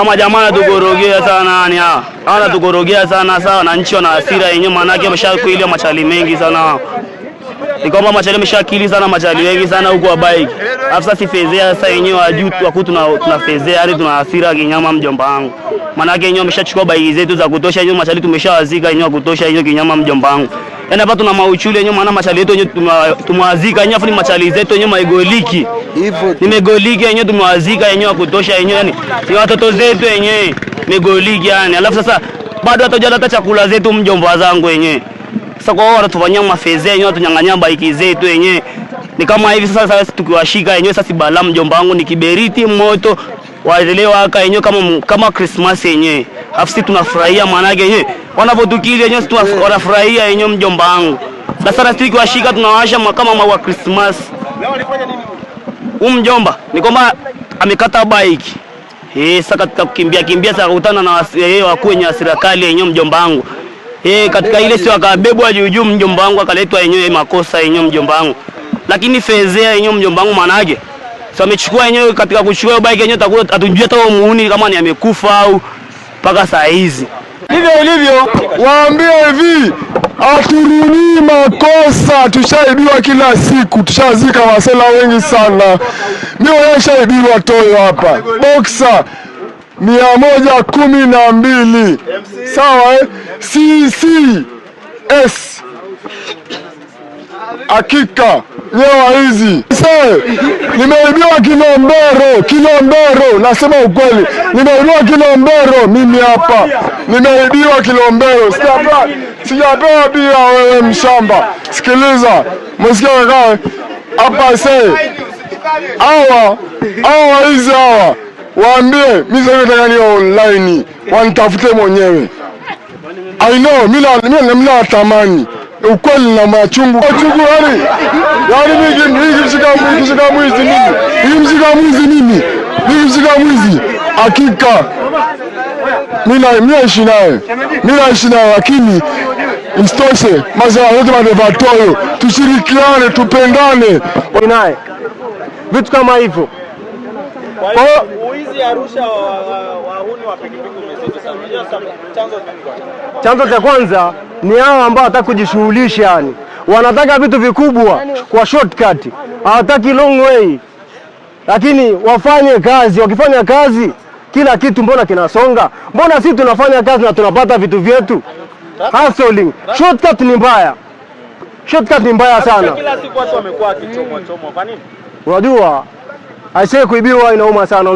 Ama jamani, tukorogea sana yani, ana ah. tukorogea sana sana, wananchi wana hasira yenyewe, maanake ameshakuilia machali mengi sana ah. ni kwamba machali ameshakili sana machali wengi sana huko wabaiki, alafu sasa sifezea sasa yenyewe wajuu tuna fezea hadi tuna hasira kinyama, mjomba wangu, Maana yake yenyewe ameshachukua bike zetu za kutosha, yenyewe machali tumeshawazika yenyewe kutosha yenyewe kinyama, mjomba wangu. Enda yaani pa tuna mauchuli yenyewe maana mashali yetu yenyewe tumwazika yenyewe afuni mashali zetu yenyewe maigoliki. Hivyo ni megoliki tumewazika tumwazika ya kutosha yenyewe yani. ni watoto zetu yenyewe megoliki yani. Alafu sasa bado hatojala hata chakula zetu mjomba zangu yenyewe. Sasa kwa wao wanatufanyia mafeze yenyewe watunyang'anyia baiki zetu yenyewe. Ni kama hivi sasa sasa tukiwashika yenyewe sasa bala mjomba wangu ni kiberiti moto waelewa aka yenyewe kama kama Christmas yenyewe afu sisi tunafurahia maanake yeye wanapotukili wenyewe sisi tunafurahia yenyewe mjomba wangu. Sasa na sisi kiwashika tunawasha kama maua Christmas. Leo Huyu mjomba ni kwamba amekata bike. Eh, sasa katika kukimbia kimbia sasa kukutana na yeye wakuu wenye hasira yenyewe mjomba wangu. Eh, katika ile sio akabebwa juu juu mjomba wangu akaletwa yenyewe makosa yenyewe mjomba wangu. Lakini fezea yenyewe mjomba wangu maanake. so amechukua yenyewe katika kuchukua bike yenyewe atakuwa atunjua tawo muuni kama ni amekufa au mpaka saa hizi Hivyo ilivyo. Waambie hivi, haturudii makosa, tushaibiwa kila siku, tushazika masela wengi sana. Mimi shaibiwa toyo hapa boksa mia moja kumi na mbili sawa eh? CCS Hakika leo hizi nimeibiwa Kinombero, Kinombero, nasema ukweli, nimeibiwa Kinombero. Mimi hapa nimeibiwa Kinombero, sijapewa bia. Wewe mshamba, sikiliza, msikia kakawe hapa see, hawa hawa hizi hawa waambie mimi onlini online, wanitafute mwenyewe. I know mimi mimi ukweli na machungu chunguani yani nikimshika mwizi nini, nikimshika mwizi hakika mimi naishi naye, mimi naishi naye, lakini msitoshe mazao yote madevatoyo, tushirikiane, tupendane naye, vitu kama hivyo. Arusha wahuni wa pikipiki umezidi sana. Unajua chanzo ni nini? Chanzo cha kwanza ni hao ambao hawataka kujishughulisha, yani wanataka vitu vikubwa kwa shortcut, hawataki long way, lakini wafanye kazi. Wakifanya kazi kila kitu mbona kinasonga? Mbona sisi tunafanya kazi na tunapata vitu vyetu? Hustling shortcut ni mbaya, shortcut ni mbaya sana. Kila siku watu wamekuwa kichomo chomo, kwa nini? Unajua aisee, kuibiwa inauma sana.